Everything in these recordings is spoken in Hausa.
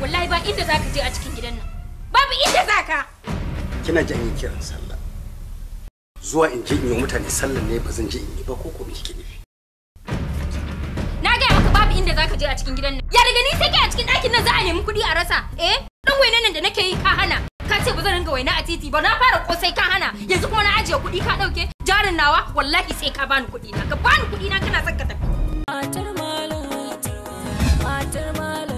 wallahi ba inda zaka je a cikin gidan nan babu inda zaka kina janye kiran sallah zuwa in je in yi mutane sallah ne ba zan je in yi ba ko ko me kike nufi na ga maka babu inda zaka je a cikin gidan nan ya daga ni sai a cikin ɗakin nan za a nemi kuɗi a rasa eh dan wainan nan da nake yi ka hana ka ce ba zan ringa waina a titi ba na fara kosai ka hana yanzu kuma na ajiye kuɗi ka ɗauke jarin nawa wallahi sai ka bani kuɗi na ka bani kuɗi na kana son ka tafi matar malam matar malam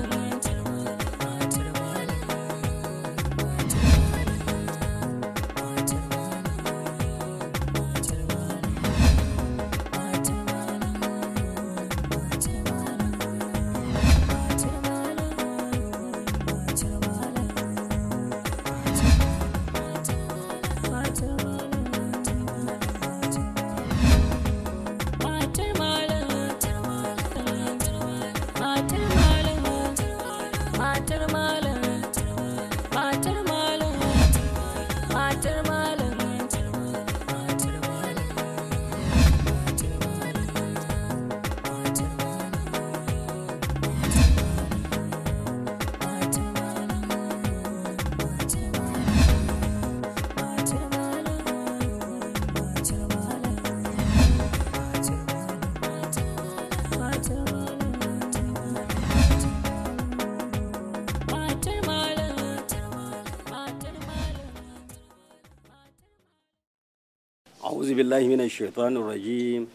بالله من الشيطان الرجيم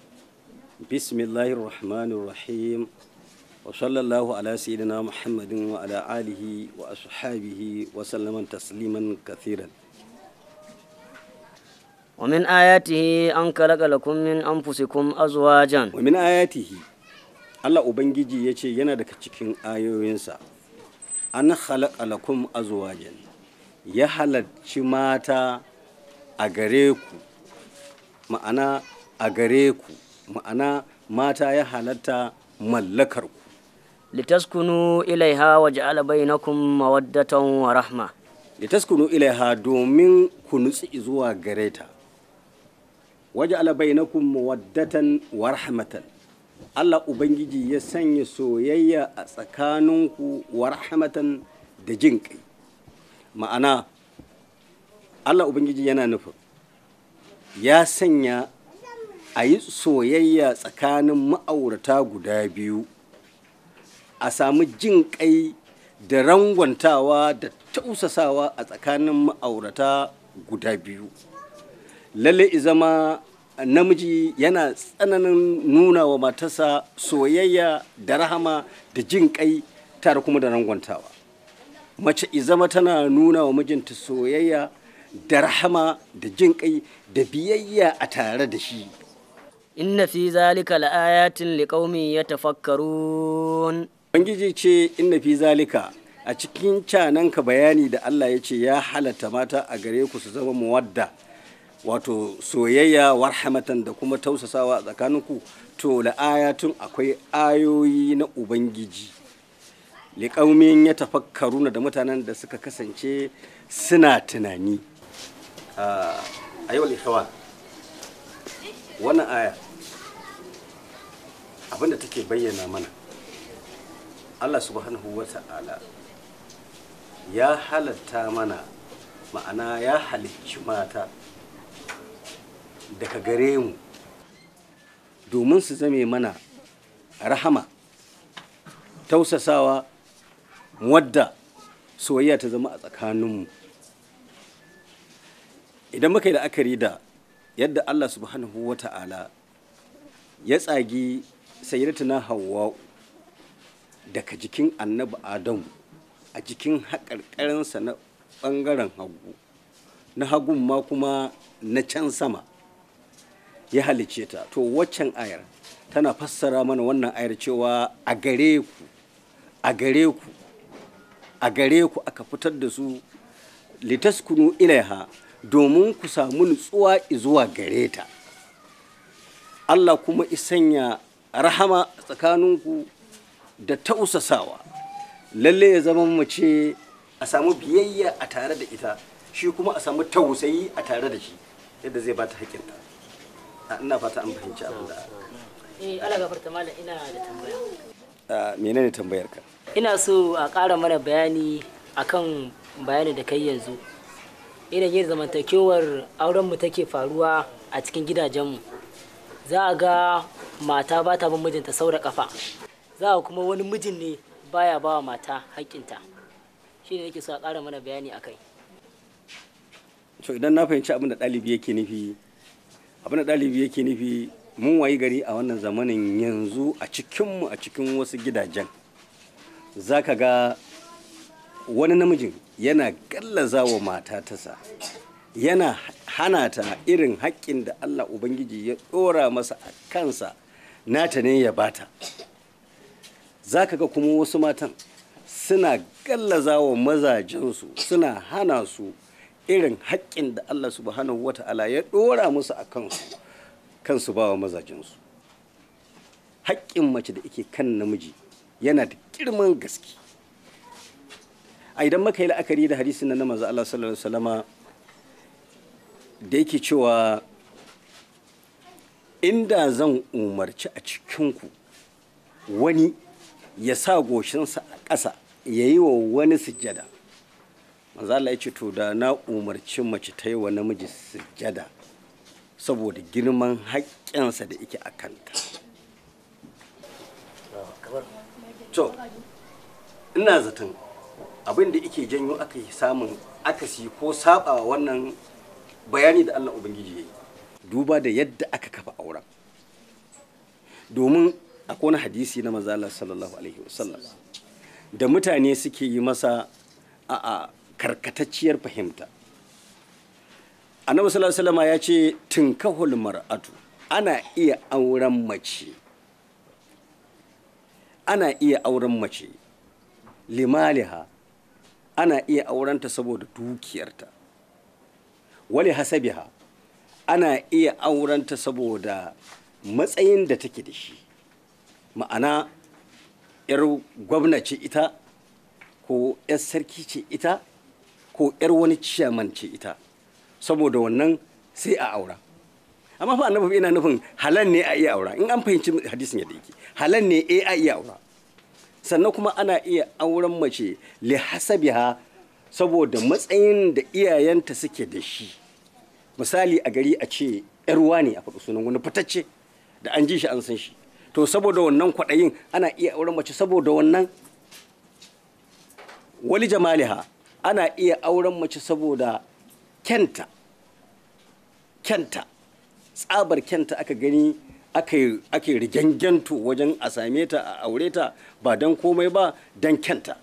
بسم الله الرحمن الرحيم وصلى الله على سيدنا محمد وعلى آله وأصحابه وسلم تسليما كثيرا ومن آياته أن خلق لكم من أنفسكم أزواجا ومن آياته الله أبنجي يتي ينادك تشكين آيو ينسى أن خلق لكم أزواجا ya شماتا أغريكم ma'ana a gare ku ma'ana mata ya halatta mallakar ku litaskunu ilaiha wa ja'ala bainakum mawaddatan wa rahma litaskunu ilaiha domin ku nutsi zuwa gare ta ja'ala bainakum mawaddatan wa rahmatan Allah Ubangiji ya sanya soyayya a tsakaninku wa rahmatan da jin kai ma'ana Allah Ubangiji yana nufin ya sanya a yi soyayya tsakanin ma'aurata guda biyu a samu jin kai da rangwantawa da tausasawa a tsakanin ma'aurata guda biyu lalle izama namiji yana tsananin nuna wa matasa, soyayya da rahama da jin kai tare kuma da rangwantawa mace izama tana nuna wa mijinta soyayya da rahama da jin kai da biyayya a tare da shi inna fi zalika la'ayatin ya yatafakkarun bangiji ce inna fi zalika a cikin cananka bayani da Allah ya ce ya halatta mata a gare ku su zama muwadda wato soyayya warhamatan da kuma tausasawa a tsakaninku to la'ayatun akwai ayoyi na ubangiji liƙaumin ya tafakkaruna da mutanen da suka kasance suna tunani ayyuhal ah, ikhwan wannan aya abinda take bayyana mana Allah subhanahu wa ta'ala ya halatta mana ma'ana ya halicci mata daga gare mu domin su zame mana rahama tausasawa wadda soyayya ta zama a tsakaninmu idan muka yi la'akari da yadda allah subhanahu wa ta'ala ya tsagi na hawa daga jikin annabi adamu a jikin haƙarƙarinsa na ɓangaren hagu na hagun ma kuma na can sama ya halice ta to waccan ayar tana fassara mana wannan ayar cewa a gare ku a gare ku a gare ku aka fitar da su litaskunu ilaiha domin ku samu nutsuwa zuwa gare ta Allah kuma isanya rahama tsakaninku da tausasawa lalle ya zama mace a samu biyayya a tare da ita shi kuma a samu tausayi a tare da shi yadda zai bata hakinta ina fata an fahimci abin da eh ala ina da tambaya menene tambayar ka ina so a ƙara mana bayani akan bayani da kai yanzu yanayin zamantakewar aurenmu take faruwa a cikin gidajenmu za a ga mata ba ta bin mijinta saura kafa za a kuma wani mijin ne baya ba wa mata haƙƙinta shi ne yake so a ƙara mana bayani a kai to idan na fahimci abin da ɗalibi yake nufi abin da ɗalibi yake nufi mun wayi gari a wannan zamanin yanzu a cikinmu a cikin wasu gidajen za ka ga wani namijin yana gallaza wa mata tasa yana hana ta irin haƙƙin da Allah Ubangiji ya ɗora masa a kansa na ta ne ya bata za ka ga kuma wasu matan suna gallaza wa mazajensu suna hana su irin haƙƙin da Allah wata ala ya ɗora musu a kansu kansu ba wa mazajensu haƙƙin mace da ike kan namiji yana da girman gaske a idan maka yi la'akari da hadisin nan na manzo Allah sallallahu alaihi wasallama da yake cewa inda zan umarci a cikinku wani ya sa goshinsa a ƙasa ya yi wa wani sujjada manzo Allah ya ce to da na umarci mace ta yi wa namiji sujjada saboda girman haƙƙinsa da yake a kanta to ina zaton abin da yake janyo aka yi samun akasi ko saba wannan bayani da Allah Ubangiji ya duba da yadda aka kafa auren domin akwai wani hadisi na mazala sallallahu alaihi wasallam da mutane suke yi masa a, a karkatacciyar fahimta annabi sallallahu alaihi wasallam ya ce tinkahul mar'atu ana iya auren mace ana iya auren mace limaliha ana iya aurenta saboda dukiyarta wale hasabiha ana iya aurenta saboda matsayin da take da shi ma'ana 'yar gwamna ce ita ko 'yar sarki ce ita ko 'yar wani ciyaman ce ita saboda wannan sai a aura amma fa annabi ina nufin halal ne a iya aura in an fahimci hadisin yadda yake halal ne eh, a iya aura sannan kuma ana iya auren mace li hasabiha saboda matsayin da iyayenta suke da shi misali a gari a ce yarwa ne a faɗi sunan wani fitacce da an ji shi an san shi to saboda wannan kwaɗayin ana iya auren mace saboda wannan wali jamaliha ana iya auren mace saboda kyanta kyanta tsabar kyanta aka gani aka yi rigyangyanto wajen a same ta a aure ta ba don komai ba don kyanta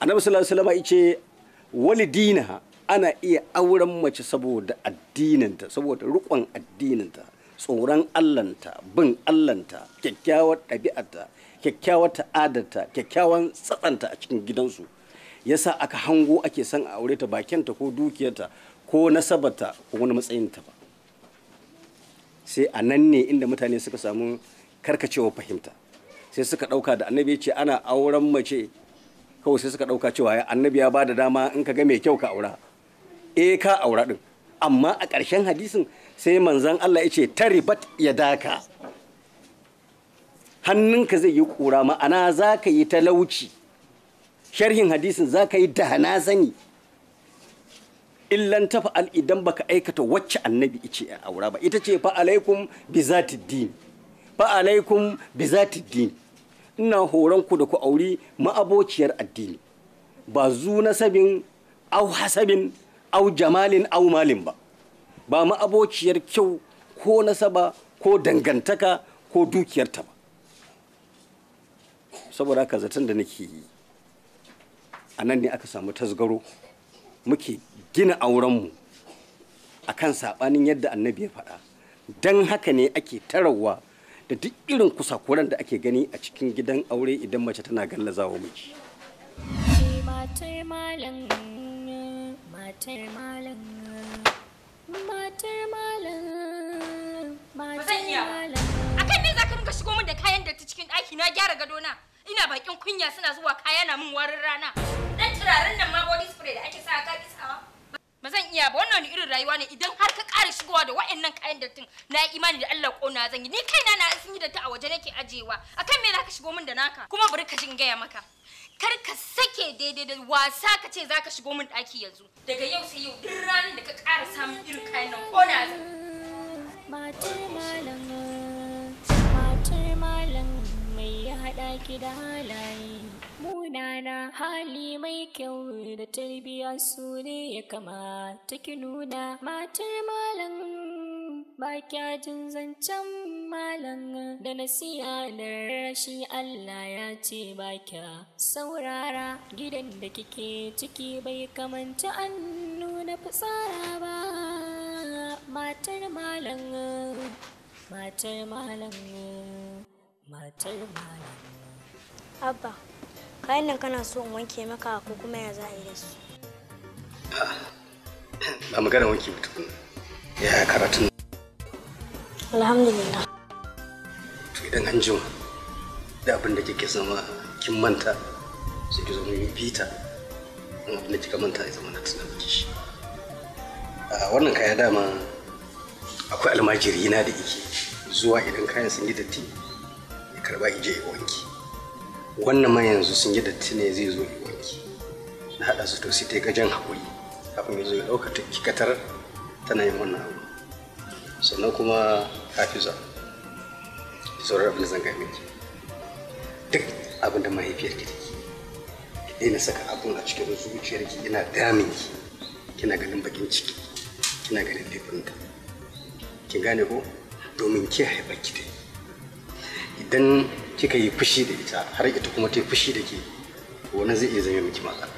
annabi sallallahu alaihi ce walidina ana iya auren mace saboda addininta saboda rukon addininta tsoron allanta bin allanta kyakkyawar ɗabi'arta kyakkyawar ta'adarta kyakkyawan tsatsanta a cikin gidansu yasa aka hango ake son a aure ta bakinta ko dukiyarta ko nasabarta ko wani matsayinta ba sai a nan ne inda mutane suka samu karkacewar fahimta sai suka ɗauka da annabi ce ana auren mace kawai sai suka ɗauka cewa ya annabi ya ba da dama in ka ga mai kyau ka aura e ka aura din amma a ƙarshen hadisin sai manzan Allah ya ce taribat ya daka hannunka zai yi ƙura ma'ana za ka yi talauci sharhin hadisin za ka yi dana sani illan tafa'al idan baka aikata wacce annabi ice a aura ba ita ce fa alaikum bi zati ba alaikum bi din ina horon ku da ku auri ma'abociyar addini ba zu nasabin au hasabin au jamalin au malin ba ba ma'abociyar kyau ko nasaba ko dangantaka ko dukiyarta ba saboda haka zaton da nake yi a nan ne aka samu tasgaro muke gina aurenmu a kan saɓanin yadda annabi ya faɗa don haka ne ake tarawa da duk irin kusakuran da ake gani a cikin gidan aure idan mace tana wa miji. Matar malam, malam, Akan ne za ka rinka shigo min da kayan da ta cikin ɗaki na gyara gadona? Ina bakin kunya suna zuwa kaya na min warin rana. Dan turaren nan ma body spray da ake sa a kaɗi sawa. ba zan iya ba wannan irin rayuwa ne idan har ka ƙara shigowa da wa'annan kayan dattin na yi imani da Allah ƙona zan yi ni kaina na sun yi ta a waje nake ajewa akan me zaka shigo min da naka kuma bari ka jin gaya maka kar ka sake daidai da wasa ka ce zaka shigo min ɗaki yanzu daga yau sai yau duk ranar da ka ƙara samun irin kayan nan na zan mace malam mace malam mai haɗa ki da halaye munana hali mai kyau da tarbiyya su ne ya kamata ki nuna matar malam ba kya jin zancen malam da nasiha da rashi Allah ya ce ba kya saurara gidan da kike ciki bai kamanta an nuna fitsara ba matar malam matar malam matar malam abba kayan nan kana so in wanke maka ko kuma ya za a yi da su ba magana wanki ba tukuna ya karatun alhamdulillah to idan an jima da abin da kike zama kin manta sai ki zo mu bita in abin da kika manta ya zama na tunan shi a wannan kaya dama akwai almajiri na da yake zuwa idan kayan sun yi datti ya karba ije wanki wannan ma yanzu sun yi datti ne zai zo yi wanki na haɗa su to sai ta gajen haƙuri kafin ya zo ya ɗauka ta kikatar tana yin wannan abu sannan kuma hafiza zuwa rabin zanga zan gaya miki duk abin da mahaifiyar ki take ki daina saka abin a cikin zuciyar ki yana damin ki kina ganin bakin ciki kina ganin laifinta kin gane ko domin ki haifa ki dai idan kika yi fushi da ita har ita kuma ta yi fushi da ke wani zai iya zama miki matsala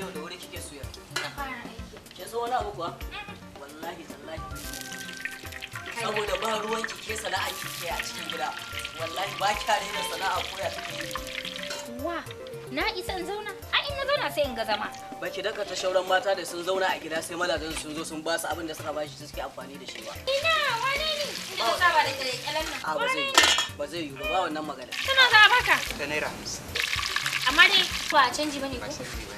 yau da wuri kike suya. Ina fara aiki. Kin san wani abu kuwa? wallahi tallahi saboda ba ruwan kike sana'a kike a cikin gida wallahi ba kya daina sana'a koya kike wa na isa in zauna a ina zauna sai in ga zama Baki daka ta shauran mata da sun zauna a gida sai mazajen sun zo sun ba su abin da suka bashi suke amfani da shi ba ina wani ne ina saba da kire kelen nan ba zai ba zai yi ba wannan magana tana za baka naira 50 amma dai ba a canji bane ko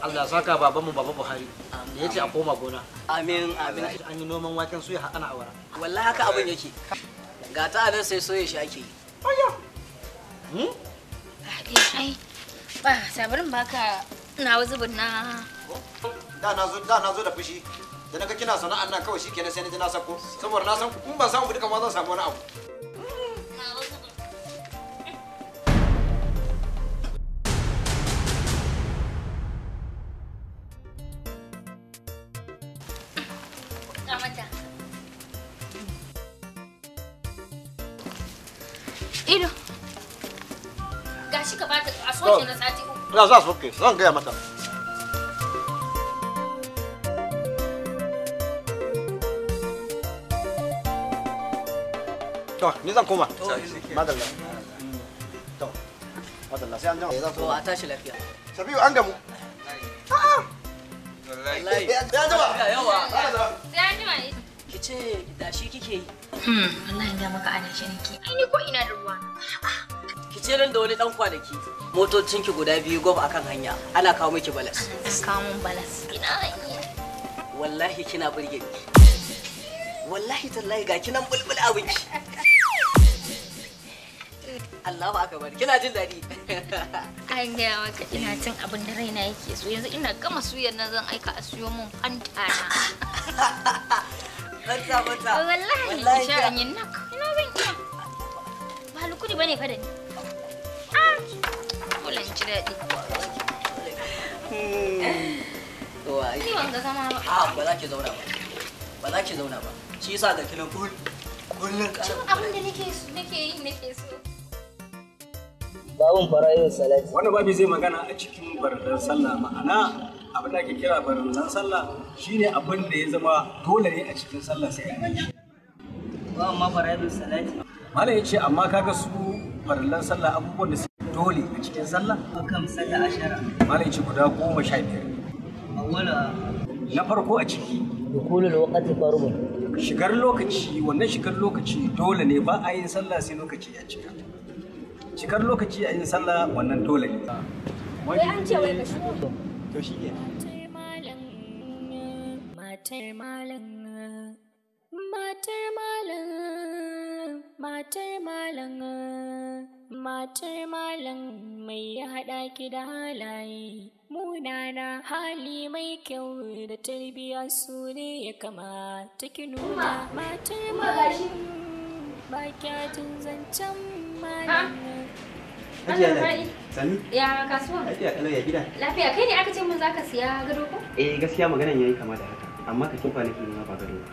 Allah saka baban mu baba Buhari da yace a koma gona amin amin an yi noman waken suya ana awara wallahi haka abin yake ga ta nan sai soye shi ake yi ayya hmm ai ba sabarin baka na zubin na da na zo da na zo da fushi da naga kina sana'an nan kawai kenan sai na ji na sako saboda na san kun ban samu duka ma zan samu wani abu da za su ke zan gaya mata to ni zan koma madalla madalla sai an jama to a tashi lafiya sabiu an gamu a'a wallahi eh, ya jama yawa sai an jama ki ce da shi kike yi hmm wallahi ga maka ana shi ne ai ni ko ina da ruwa sai nan da wani dan kwanaki motocin ki guda biyu gwab akan hanya ana kawo miki balas kamun balas ina wallahi kina burge ni wallahi tallahi ga kinan bulbul abinki Allah ba akabar kina jin daɗi. An gaya maka ina cin abin da raina yake so yanzu ina gama suyar nan zan aika a suyo mun fanta na. Fanta fanta. Wallahi wallahi ina zan iya. Ba lukuri bane fa da ni. Dole in ji daɗi. Ni ban ba. A ba za ki zauna ba. Ba za ki zauna ba. Shi yasa ga kilan kullum kullum ƙara. Cin abin da nake nake yi nake so. Babun fara'in salati. Wannan babi zai magana a cikin bardan sallah ma'ana abin da ake kira barnan sallah shine abin da ya zama dole ne a cikin sallah sai an yi. Ba ma fara'in salati. Malam ya ce amma kaga su barnan sallah abubuwan da dole a cikin sallah a kan sallah ashara malai ce guda goma sha biyar awwala na farko a ciki dukulul wakati qarbun shigar lokaci wannan shigar lokaci dole ne ba a yin sallah sai lokaci ya cika shigar lokaci a yin sallah wannan dole ne wai an ce wai ka shigo to shi ke malam malam matar malam matar malam mai ya ki da halaye munana hali mai kyau da tarbiya su ne ya kamata ki nuna matar malam ba jin zancen malam Hajiya Sani? Ya kasuwa? Lafiya kalau ya gida. Lafiya kai ne aka ce mun zaka siya gado ko? Eh gaskiya maganan yayi kama da haka amma ka kimfa nake nuna ba gado ba.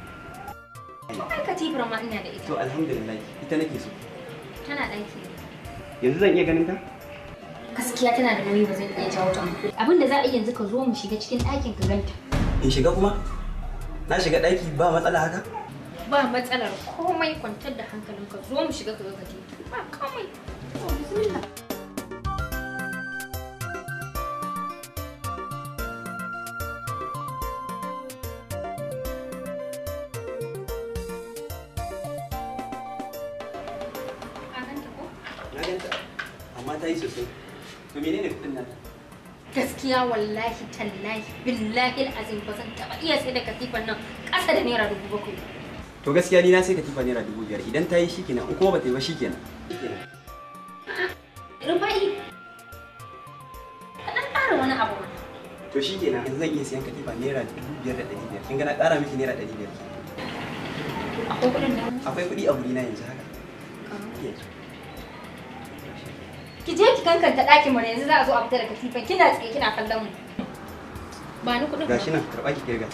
Ai katifar ma ina da ita. To alhamdulillah ita nake so. Tana ɗaki. Yanzu zan iya ganin ta? Gaskiya tana da nauyi ba zan iya jawo ta. Abin za a yi yanzu ka zo mu shiga cikin ɗakin ka ganta. In shiga kuma? Na shiga ɗaki ba matsala haka? Ba matsalar komai kwantar da hankalinka zo mu shiga ka ga katifa. Ba komai. To oh, bismillah. gaskiya wallahi tallahi billahi azim ba zan taba iya sai da katifan nan kasa da naira dubu bakwai to gaskiya ni na sai katifa naira dubu biyar idan ta yi shikenan ko ba ta yi ba shikenan rufai kaɗan fara wani abu to shikenan yanzu zan iya siyan katifa naira dubu biyar da dari biyar kin ga na kara miki naira dari biyar akwai kuɗi a wurina yanzu haka ki je ki kankanta ɗakin mu yanzu za a zo a fita kina tsaye kina kallon mu ba ni kuɗin gashi nan karɓa ki kirga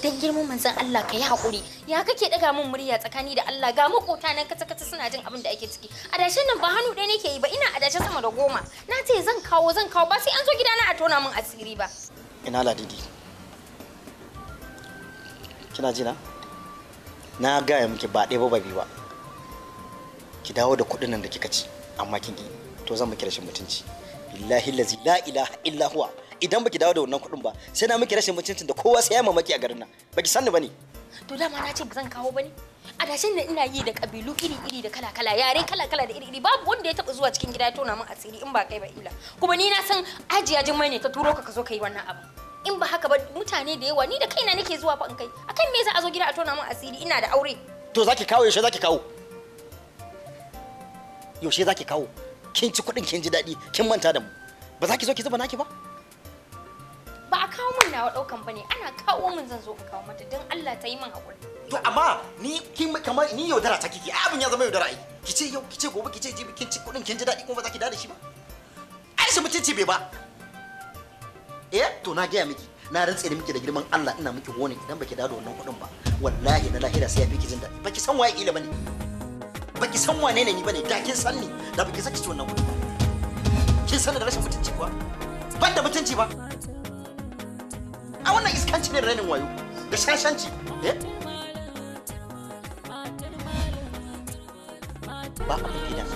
dan girman manzon Allah ka yi haƙuri ya kake daga min murya tsakani da Allah ga makota nan kata kata suna jin abin da ake ciki adashin nan ba hannu ɗaya nake yi ba ina adashe sama da goma na ce zan kawo zan kawo ba sai an zo gidana a tona min asiri ba ina ladidi kina ji na na gaya miki ba ɗaya ba ba ki dawo da kuɗin nan da kika ci amma kin to zan miki rashin mutunci billahi lazi la ilaha illa huwa idan baki dawo da wannan kuɗin ba sai na miki rashin mutuncin da kowa sai ya mamaki a garin nan baki sanni bane to dama na ce ba zan kawo bane adashin da ina yi da kabilu iri-iri da kala-kala yare kala-kala da iri-iri babu wanda ya taba zuwa cikin gida ya tona min asiri in ba kai ba ila kuma ni na san ajiya jin ne ta turo ka ka zo ka yi wannan abu in ba haka ba mutane da yawa ni da kaina nake zuwa fa in kai akan me za a zo gida a tona min asiri ina da aure to zaki kawo yaushe zaki kawo yaushe zaki kawo kin ci kuɗin kin ji daɗi kin manta da mu ba za ki zo ki zuba naki ba nawa ɗaukan bane ana kawo min zan zo in kawo mata don Allah ta yi min haƙuri. To amma ni kin kamar ni yaudara ta kike abin ya zama yaudara ai. Ki ce yau ki ce gobe ki ce jibi kin ci kuɗin kin ji daɗi kuma za ki dawo shi ba. Ai shi mutunci bai ba. Eh to na gaya miki na rantse da miki da girman Allah ina miki wani idan baki dawo wannan kuɗin ba wallahi na lahira sai ya fi ki jin daɗi baki san waye ila bane baki san wane ne ni bane da kin san ni da baki saki ci wannan kuɗi ba kin san da rashin mutunci kuwa ban da mutunci ba. wannan iskanci ne rainin wayo eh? da shashanci ba a abin gida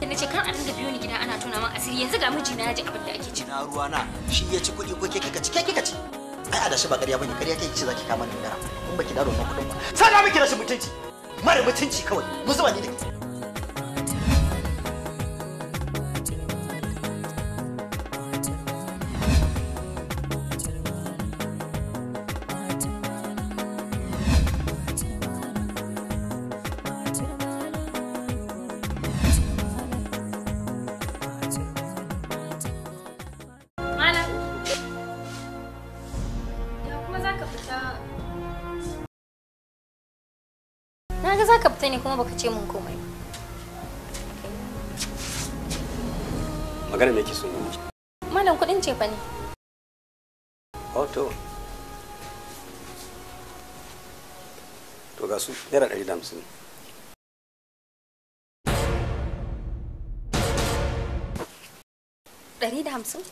da ce kar a dinga biyo ni gida ana tona min asiri yanzu ga miji na ji abin da ake ci na ruwa na shi ya ci kuɗi ko ke kika ci ke kika ci ai a dashi ba ƙarya bane ƙarya kai ce zaki kama ni gara in baki daro na kuɗin ba sai da miki rashin mutunci mara mutunci kawai mu zuba ni da na ga za ka fita ne kuma baka ce mun komai ba magana me ke so ne malam kudin ce fa ne oh to ga su naira ɗari da hamsin ɗari da hamsin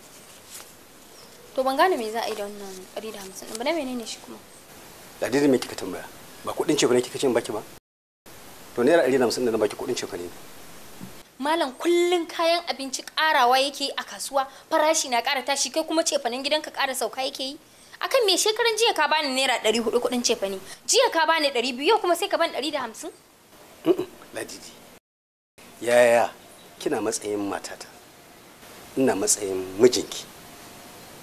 to ban gane me za a yi da wannan ɗari da hamsin ba na menene shi kuma da dai me kika tambaya ba kuɗin ce ba ne kika ce baki ba to naira ɗari da hamsin da na baki kuɗin cefane ne malam kullum kayan abinci karawa yake a kasuwa farashi na kara tashi kai kuma cefanen gidan ka kara sauka yake yi akan me shekaran jiya ka bani naira ɗari hudu kuɗin cefane jiya ka bani ɗari biyu yau kuma sai ka bani ɗari da hamsin. ladidi yaya kina matsayin matata ina matsayin mijinki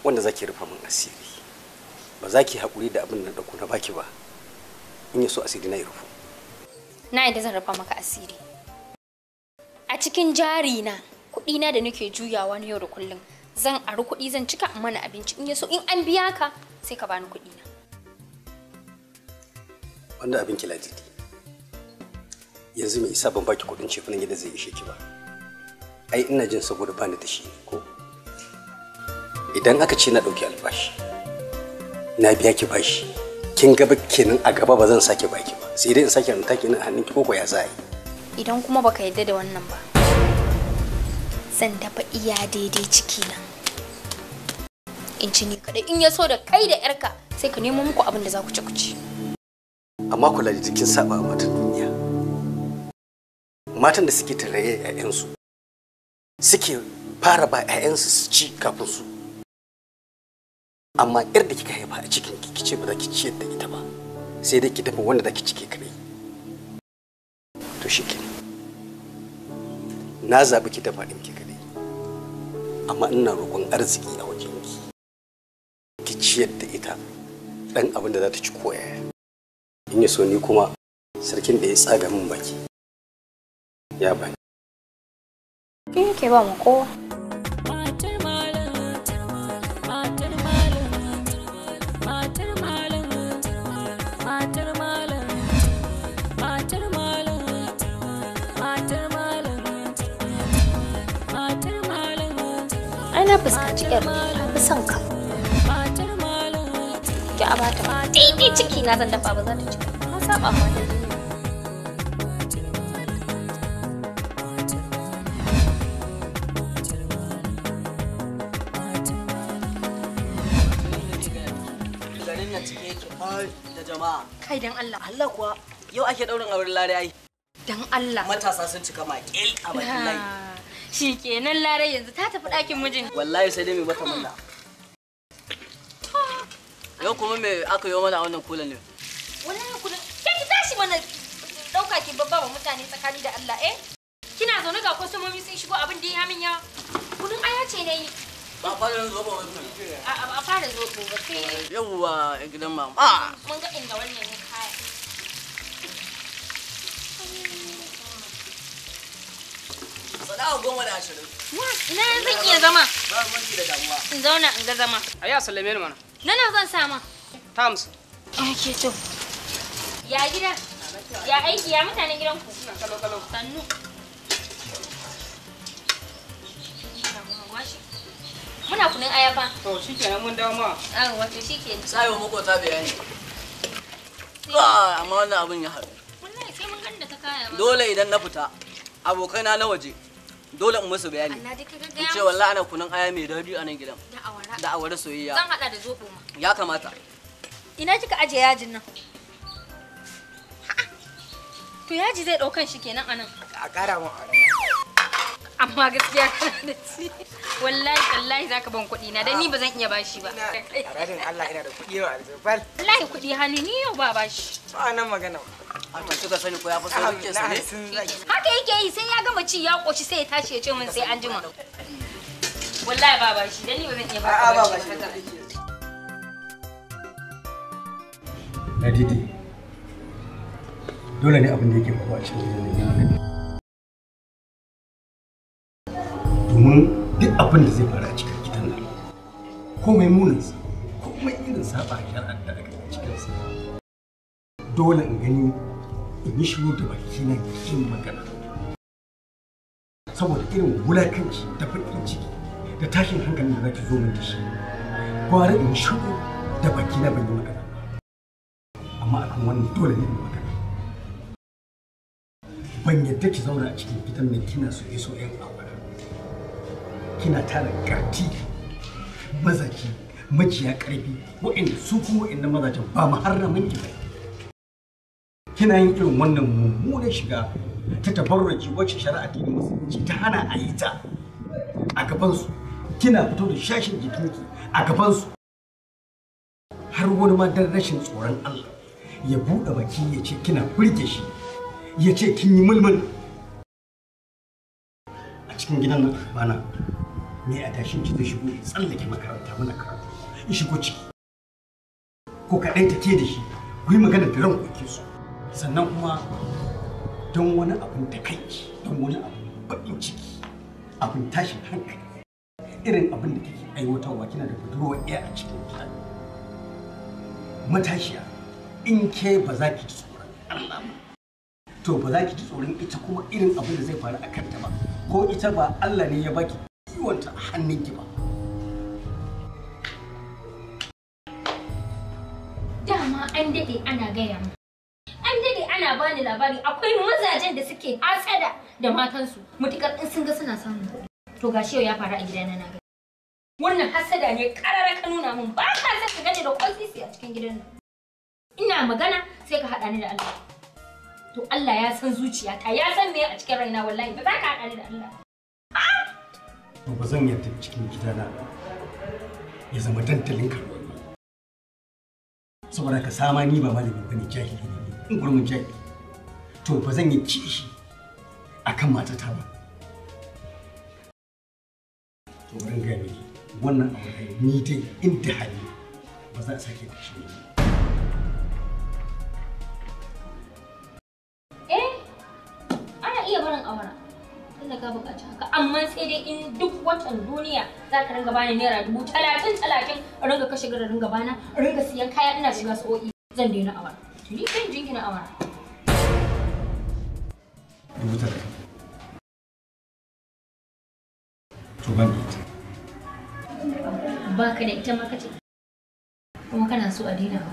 wanda zaki rufa min asiri ba za ki haƙuri da abin da na ɗauko na baki ba in yi so asiri na ya rufu na yadda zan rufa maka asiri a cikin jari na kuɗi na da nake juyawa na yau da kullum zan ari kuɗi zan cika in mana abinci in yaso in an biya ka sai ka bani kuɗi na wanda abin kila didi yanzu mai isa ban baki kuɗin cefanen gida zai ishe ki ba ai ina jin saboda bani da shi ko idan aka ce na ɗauki albashi na biya ki bashi kin gaba kenan a gaba ba zan sake baki ba sai dai in sake ranta kenan a hannun ki koko ya za yi idan kuma baka yarda da wannan ba zan dafa iya daidai ciki na in ci ni kadai in ya so da kai da yarka sai ka nemo muku abin da za ku ci ku ci amma kula da kin saba a matan duniya matan da suke taraye 'ya'yansu suke fara ba 'ya'yansu su ci kafin su amma yar da kika haifa a cikin ki kice ba za ki ciyar da ita ba sai dai ki tafi wanda za ki cike kadai to shi na zaɓi ki dafa ɗin ki kadai amma ina roƙon arziki a wajen ki ki ciyar da ita dan abin da za ta ci koya in ya so ni kuma sarkin da ya tsaga min baki ya bani. Ke ba mu kowa. yar ta son ka ki a bata ba daidai ciki na zan dafa ba za ta ci na saba ma Kai dan Allah. Allah kuwa yau ake daurin auren lare ai. Dan Allah. Matasa sun cika maƙil a bakin layi. Shi kenan lare yanzu ta tafi ɗakin mijin. Wallahi sai dai mai bata mana. Yau kuma me aka yi mana wannan kula ne? Wannan kula ke ki tashi mana ɗauka ki babba wa mutane tsakani da Allah eh? Kina zaune ga kwastomomi sun shigo abin da ya min ya Kunun aya ce na yi. Ba fara zobo ba. A fara ko ba sai. Yawwa gidan mama. Mun ga inda wannan ne. Nawa goma da ashirin. Ina zan iya zama. Ba manki da damuwa. In zauna in ga zama. A yi a sallame mana. Na nawa zan sama. Tams. Ake to. Ya gida. Ya aiki ya mutanen gidanku. Suna kalo kalo. Sannu. Muna kunin ayaba. To shi kenan mun dawo ma. Ah wato shi kenan. Sai wa makota bayani. amma wannan abin ya haɗu. Dole idan na fita abokaina na waje dole in musu bayani in ce wallahi ana kunun aya mai daɗi a nan gidan da awara soyayya zan hada da zobo ma ya kamata ina kika aje yajin nan to yaji zai ɗaukan shi kenan anan. a kara mun a amma gaskiya kana da ci wallahi wallahi zaka ban kuɗi na dan ni ba zan iya bashi ba a Allah ina da kuɗi wa arzubal wallahi kudi hannu ni yau ba bashi ba nan magana A ke ah, Haka yake yi sai ya gama ci ya koshi sai ya tashi ya ce min sai an jima. Wallahi shi ba zan iya ba. shi. Nadidi. Dole ne abin da yake faruwa a cikin ne. Domin duk abin da zai fara a cikin gidan nan komai munansa komai irin saba da aka cikinsa dole in gani in shigo da baki na yin magana saboda irin wulakanci da baƙin ciki da tashin hankalin da zaki zo min da shi gwara in shigo da baki na ban yi magana amma akan wannan dole ne magana ban yadda ki zauna a cikin gidan nan kina so so yan awara kina tara gati mazaki maciya karfi wa'in su kuma wa'in mazajen ba mu harramin ki bai kina yin irin wannan mummunan shiga ta tafarraki wacce shari'a ta yi musulunci ta hana a yi ta a gabansu kina fito da shashin jikinki a gabansu har wani ma dan rashin tsoron Allah ya buɗe baki ya ce kina burge shi ya ce kin yi mulmul a cikin gidan nan bana ne a tashin ki zai shigo ya tsallake makaranta mana karatu ya shigo ciki ko kaɗai take da shi ku yi magana da ran ku ke so sannan kuma don wani abin da kai don wani abin baƙin ciki abin tashin hankali irin abin da kake aiwatarwa kina da budurwa iya a cikin gida matashiya in ke ba za ki ji tsoron Allah ba to ba za ki ji tsoron ita kuma irin abin da zai faru a kanta ba ko ita ba Allah ne ya baki kiwonta a hannunki ba dama an daɗe ana gaya mu an dade ana bani labari akwai mazajen da suke asada da matansu mutukar in sun ga suna samun kuɗi to gashi yau ya faru a gidana na ga wannan hasada ne karara ka nuna min ba ka san ka gane da kwasisi a cikin gidan nan ina magana sai ka haɗa ni da Allah to Allah ya san zuciyata ya san me a cikin raina wallahi ba za ka haɗa ni da Allah to ba zan yadda cikin gidana ya zama dantalin karuwa saboda ka sama ni ba malami bane jahili ne gurmin kyai to ba zan yi ci kishi akan matata ba to bari ga miki wannan abu da ni dai inda hali ba za a sake kishi eh, ne ka bukaci haka amma sai dai in duk watan duniya za ka ringa bani naira dubu talatin talatin ringa kashe gara ringa bana ringa siyan kaya ina shiga sa'o'i zan daina awara. Ni kan jingina awa. Dubu talatin. To ban ita. Ba ka ita ma kace. Kuma kana so a daina ba.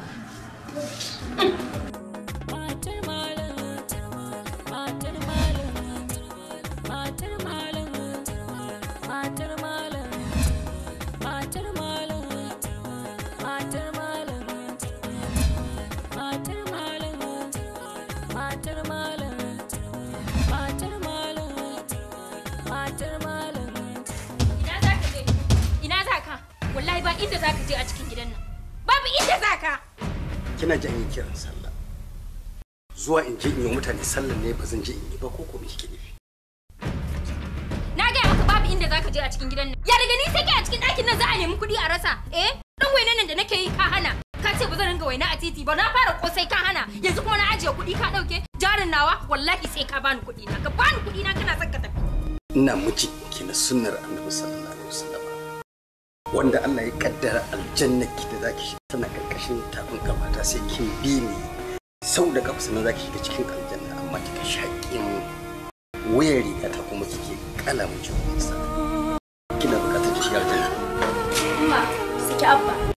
ina je ina inda je a cikin gidan nan babu inda zaka. kina janye kiran sallah zuwa in je in yi mutane sallar ne ba zan je in yi ba koko ko na gaya maka babu inda zaka je a cikin gidan nan ya daga ni sai a cikin ɗakin nan za a nemi kuɗi a rasa eh ɗan wainan nan da nake yi ka hana ce ba zan ringa waina a titi ba na fara kosai ka hana yanzu kuma na ajiye kuɗi ka ɗauke jarin nawa wallahi sai ka bani kuɗi na ka bani kuɗi na kana son ka tafi ina miki kina sunnar annabi sallallahu alaihi wasallam wanda Allah ya kaddara aljanna ki da zaki shiga tana karkashin tafin mata sai kin bi ni sau da kafa sannan zaki shiga cikin aljanna amma kika shaƙin wayar riga ta kuma kike kala mu kina bukatar ki shiga aljanna amma saki abba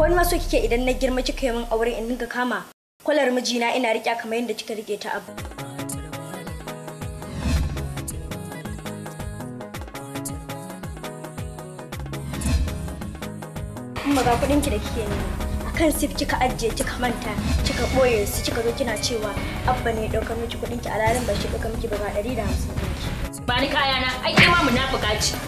ko ni ma so kike idan na girma kika yi min aure in dinga kama kwalar mijina ina riƙe kamar yadda kika rike ta abu kuma ga kuɗin ki da kike ne. akan sif kika ajiye kika manta kika boye su kika zo kina cewa abba ne ɗaukar miki kuɗin ki a ba bashi ɗaukar miki ba ɗari da hamsin ba ni kayana ai kai ma munafuka ce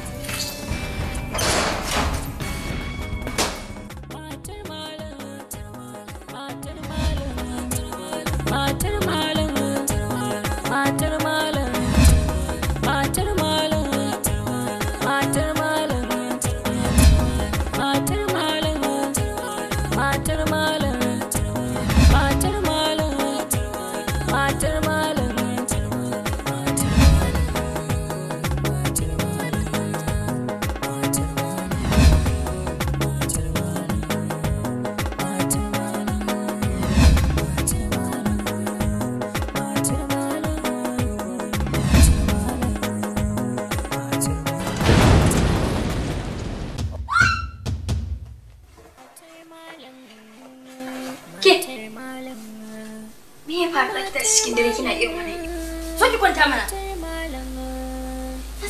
kina irin wannan iyo so ki kwanta mana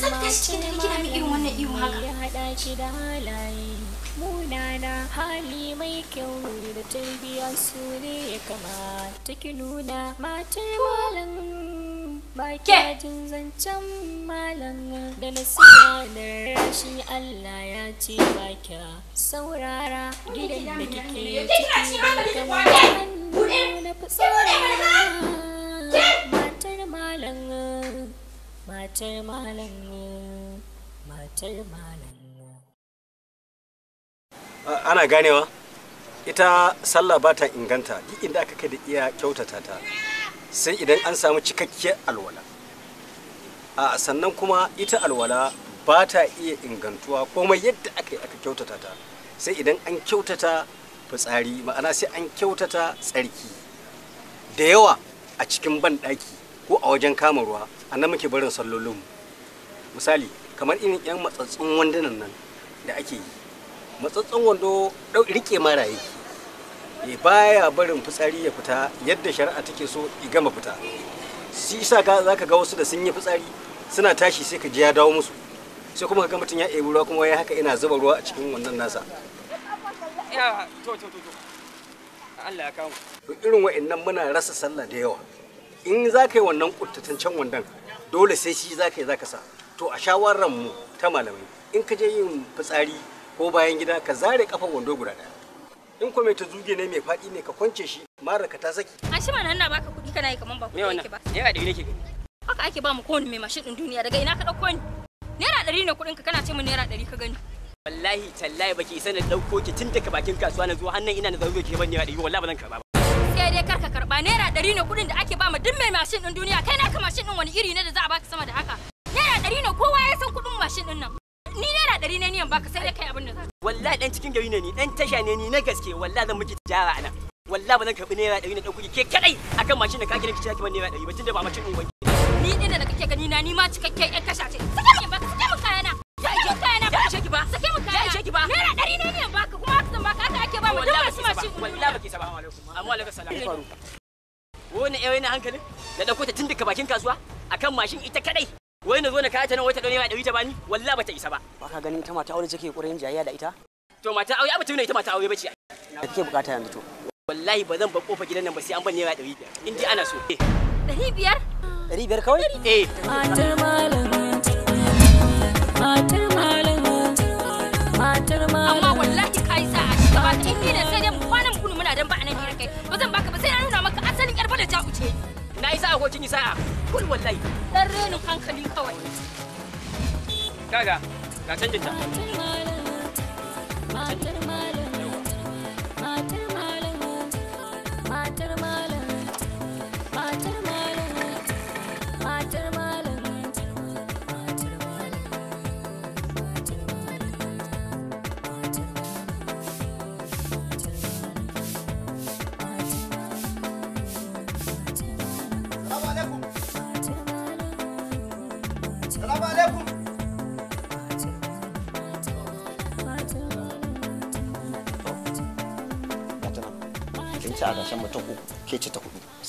za ki tashi cikin dare kina min irin wannan iyo haka munana hali mai kyau da tarbiya su ne ya kamata ki nuna matar malam ba kya jin zancen malam da nasiha da rashi Allah ya ce ba kya saurara gidan da kike ciki kamar na fitsari matar malam matar malam ana ganewa ita sallah ba ta inganta duk inda aka kai da iya kyautata ta sai idan an samu cikakkiyar alwala a sannan kuma ita alwala ba ta iya ingantuwa komai yadda aka yi aka kyautata ta sai idan an kyautata fitsari ma'ana sai an kyautata tsarki da yawa a cikin banɗaki ko a wajen kama ruwa a nan muke barin sallolin misali kamar irin yan matsatsun wandunan nan da ake yi matsatsun wando dau rike maraye yake e baya barin fitsari ya fita yadda shari'a take so i gama fita shi isa ka zaka ga wasu da sun yi fitsari suna tashi sai ka ji ya dawo musu sai kuma ga mutum ya ebi ruwa kuma ya haka ina zuba ruwa a cikin wannan nasa Allah ya kawo irin wa'annan muna rasa sallah da yawa in za ka yi wannan kuttatancen wandan dole sai shi zaka yi zaka sa to a shawaran mu ta malamai in ka je yin fitsari ko bayan gida ka zare kafan wando guda daya in kuma mai ta zuge ne mai faɗi ne ka kwance shi mara ka ta saki a shi mana nan na baka kuɗi kana yi kaman ba kuɗi yake ba naira ɗari nake gani haka ake ba mu kowane mai mashi ɗin duniya daga ina ka ɗauko ni naira ɗari ne kuɗin ka kana ce mu naira ɗari ka gani wallahi tallahi baki isa na ɗauko ki tun daga bakin kasuwa na zuwa hannun ina na zaune ki ban naira ɗari wallahi ba zan karɓa ba dai karka karba naira ɗari ne kuɗin da ake ba ma duk mai mashin ɗin duniya kai na ka mashin ɗin wani iri ne da za a baka sama da haka naira ɗari ne kowa ya san kuɗin mashin ɗin nan ni naira ɗari ne niyan baka sai dai kai abin da za wallahi dan cikin gari ne ni dan tasha ne ni na gaske wallahi zan miki tijara anan wallahi ba zan karbi naira ɗari na ɗan kuɗi ke kadai akan mashin da kake ki ki ba naira ɗari ba tunda ba mashin ɗin wani ni ɗin da kake gani na ni ma cikakken ƴan tasha ce sake min baka min kayana mu kayana ba sake mu kayana ba naira ɗari ne niyan baka ba mu dole su ma shi wallahi wani yawai eh, na hankali ta bakin kasuwa akan mashin ita kadai wai na zo na kaya ta nan ma ta bani wallahi bata isa ba ba ka ganin ta mata aure take ƙorayin jayayya da ita to mata aure abu tuna ita mata aure bace da kike bukata yanzu to wallahi ba zan ba gidan nan ba sai an ban naira ɗari biyar in dai ana so eh. ɗari biyar ɗari biyar kawai eh matar malamin matar malamin matar malamin amma wallahi bakin ki ne sai dai kwanan kunu muna dan ba anan ne kai ba zan baka ba sai na nuna maka asalin yar bala jahu ce na yi sa'a ko kin yi sa'a kul wallahi dan renin hankali kawai kaga ga canje ta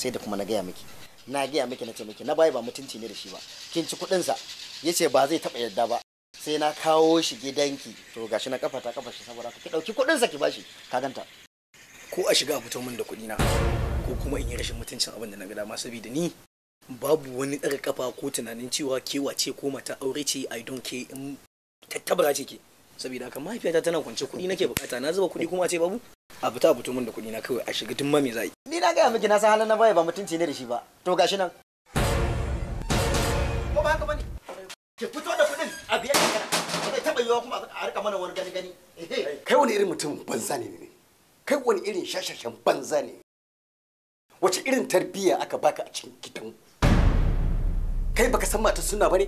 sai da kuma na gaya miki na gaya miki na ce miki na bai ba mutunci ne da shi ba kin ci kuɗin sa yace ba zai taba yadda ba sai na kawo shi gidanki to gashi na kafa ta kafa shi saboda ki dauki kudin sa ki bashi ka ganta ko a shiga a fito min da kuɗi na ko kuma in yi rashin mutuncin abin da na ga dama saboda ni babu wani ɗaga kafa ko tunanin cewa kewace ko mata aure ce i don't care in tattabara ce ke saboda haka mahaifiyata tana kwance kuɗi nake bukata na zuba kuɗi kuma ce babu a fita a mun da kuɗi na kawai a shiga tun ma me ni na gaya miki na san halin na baya ba mutunci ne da shi ba to gashi nan ko ba haka bane ke fito da kuɗin a biya ka ba zai taba yiwa kuma a rika mana wani gani gani kai wani irin mutum banza ne ne kai wani irin shashashan banza ne wace irin tarbiyya aka baka a cikin gidan kai baka san mata sunna bane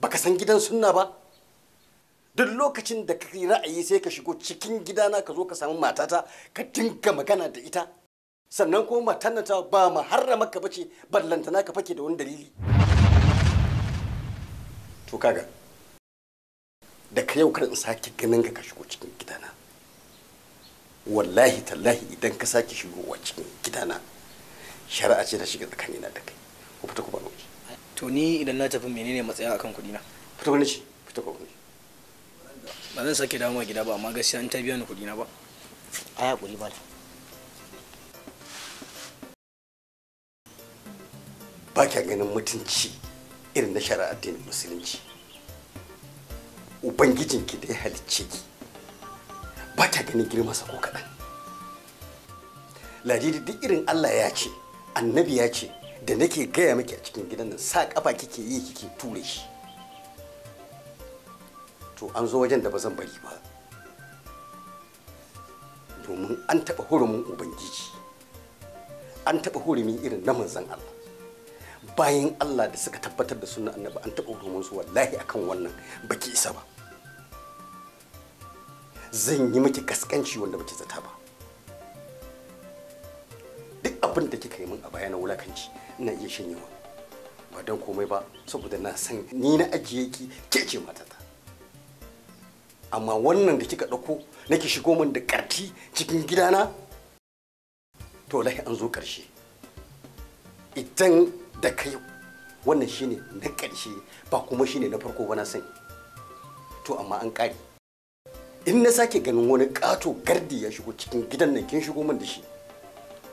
baka san gidan sunna ba duk lokacin da ka ra'ayi sai ka shigo cikin gidana ka zo ka samu matata ka dinga magana da ita sannan kuma matan ta ba harrama ka bace ballantana ka fake da wani dalili to kaga da ka yau kar in sake ganin ka ka shigo cikin gidana wallahi tallahi idan ka sake shigowa cikin gidana shari'a ce ta shiga tsakanina da kai ko fita ku ba to ni idan na tafi menene matsayin akan kuɗi na fita ku ne fita ku ne ba zan sake dawo gida ba amma gaskiya an ta biya ni kuɗi na ba a ya ba ba kya ganin mutunci irin na shari'a addinin musulunci ubangijinki da ya halicce ki ba kya ganin girmansa ko kaɗan ladidi duk irin allah ya ce annabi ya ce da nake gaya miki a cikin gidan nan sa kafa kike yi kike ture shi to an zo wajen da ba zan bari ba domin an taɓa hurumin ubangiji an taɓa hurumi irin na manzan Allah bayan Allah da suka tabbatar da sunan annabi an taɓa hurumin su wallahi akan wannan baki isa ba zan yi miki kaskanci wanda baki zata ba duk abin da kika yi min a baya na wulakanci ina iya shanyewa ba don komai ba saboda na san ni na ajiye ki ke ce matata amma wannan da kika ɗauko nake shigo min da ƙarti cikin gidana to lahi an zo ƙarshe idan da kai wannan shine na ƙarshe ba kuma shine na farko ba na sani to amma an ƙari in na sake ganin wani ƙato gardi ya shigo cikin gidan nan kin shigo min da shi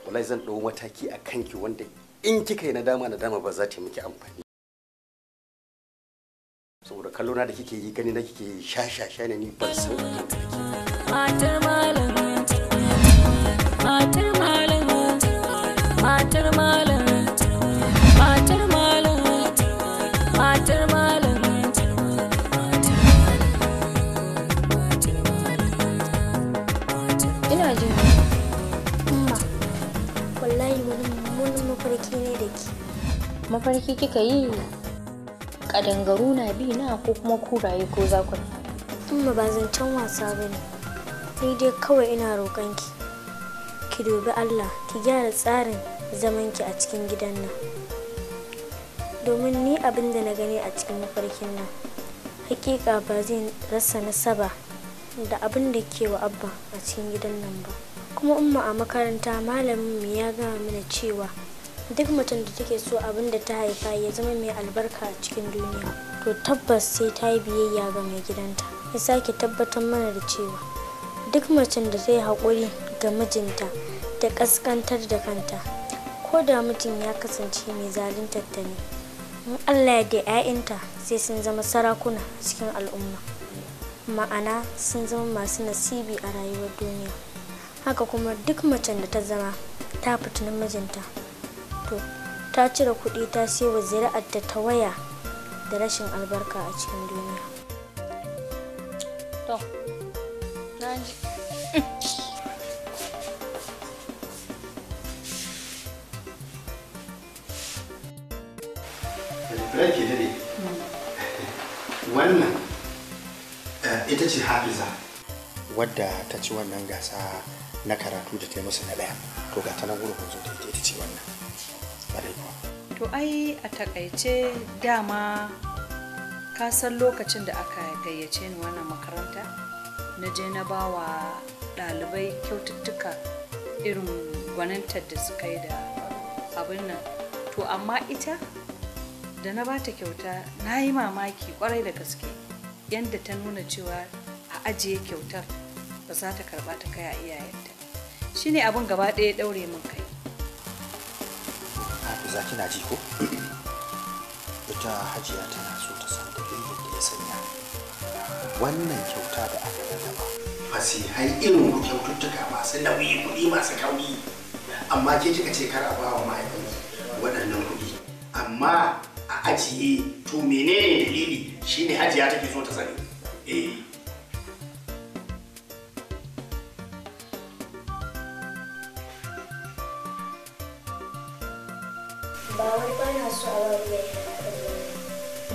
wallahi zan ɗau mataki a kanki wanda in kika yi na dama ba za ta yi miki amfani saboda kallo na da kike yi gani na kike yi shashasha ne ni ban san matar malam matar malam matar malam matar malam matar malam ina jin umma wallahi wani mummunan mafarki ne da ke mafarki kika yi kadangaru na bi na ko kuma kuraye ko zakuna amma ba zan can wasa ba ne ni dai kawai ina roƙon ki dubi allah ki gyara tsarin zaman ki a cikin gidan nan domin ni abin da na gani a cikin mafarkin nan hakika ba zai rasa nasaba da abin da ke wa abba a cikin gidan nan ba kuma umma a makaranta malamin mu ya gaya mana cewa duk mutum da take so abin da ta haifa ya zama mai albarka a cikin duniya to tabbas sai ta yi biyayya ga mai gidanta ya sake tabbatar mana da cewa duk mutum da zai haƙuri ga mijinta da ƙasƙantar da kanta ko da mutum ya kasance mai zaluntar ta ne in allah ya da 'ya'yanta sai sun zama sarakuna cikin al'umma ma'ana sun zama masu nasibi a rayuwar duniya haka kuma duk macen da ta zama ta fitinin mijinta fito ta cire kuɗi ta wa zira'ar da ta waya da rashin albarka a cikin duniya to wannan eh, ita ce hafiza wadda ta ci wannan gasa na karatu da ta yi musu na ɗaya to ga ta na gurin zo da ita ce to ai a takaice dama ka san lokacin da aka gayyace ni wannan makaranta na je na ba wa ɗalibai kyaututtuka irin gwaninta da suka yi da abin nan to amma ita da na ba ta kyauta na yi mamaki kwarai da gaske yadda ta nuna cewa a ajiye kyautar ba za ta karba ta kai a iyayenta ne abin gaba ɗaya ɗaure min kai za kina ji ko ita hajiya tana so ta san dalilin da ya sanya wannan kyauta da aka sai har irin kyaututtuka masu nauyi kuɗi masu kauri amma ke kika ce kar a ba wa waɗannan kuɗi amma a ajiye to menene dalili shine hajiya take so ta sani eh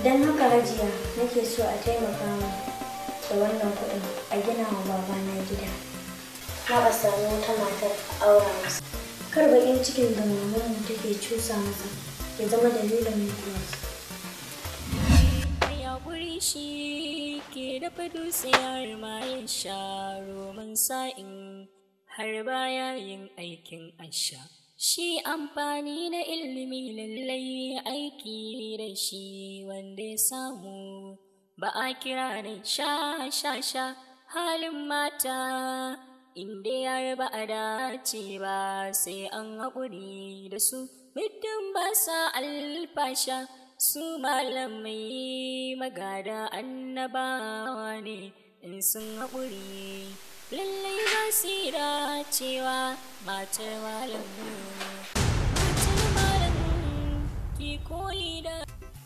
don haka hajiya nake so a taimaka da wannan kuɗin a gina wa babana gida na a samu wata matar aura masa kar baƙin cikin da mamanmu take cusa masa ya zama dalilin mutuwarsa shi ke dafa dutsiyar mayan sha roman sa'in har baya yin aikin asha. Shi amfani na ilimi lallai aiki da shi wanda ya samu ba a kira da sha-sha-sha halin mata inda ya ba a dace ba sai an haƙuri da su muddin ba sa alfasha su malamai magada annabawa ne in sun haƙuri. lallai basira cewa matar malam matar malam ki koyi da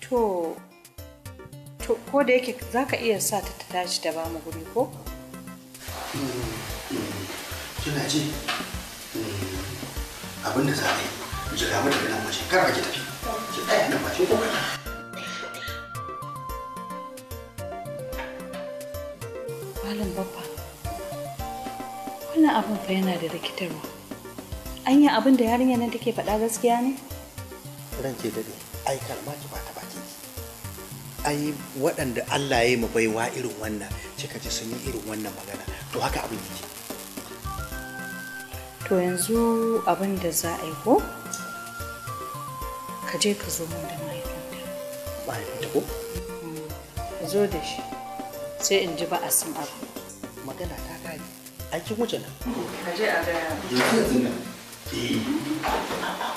to to ko da yake za ka iya sa ta tashi da ba mu guri ko kina ji abin da za ka yi jira mata da nan waje kar ba ki tafi ki tsaya nan ba ko kokari malam babba wannan abin fa yana da rikitarwa an yi abin da yarinya nan take faɗa gaskiya ne ranke daɗe ai kalma ki bata baki ai waɗanda Allah ya yi baiwa irin wannan kika ji sun yi irin wannan magana to haka abin yake to yanzu abin da za a yi ko ka je ka zo mun da mahaifinta mahaifinta ko mm. zo da shi sai in ji ba a san abu magana ta ai ki wuce nan ka je a ga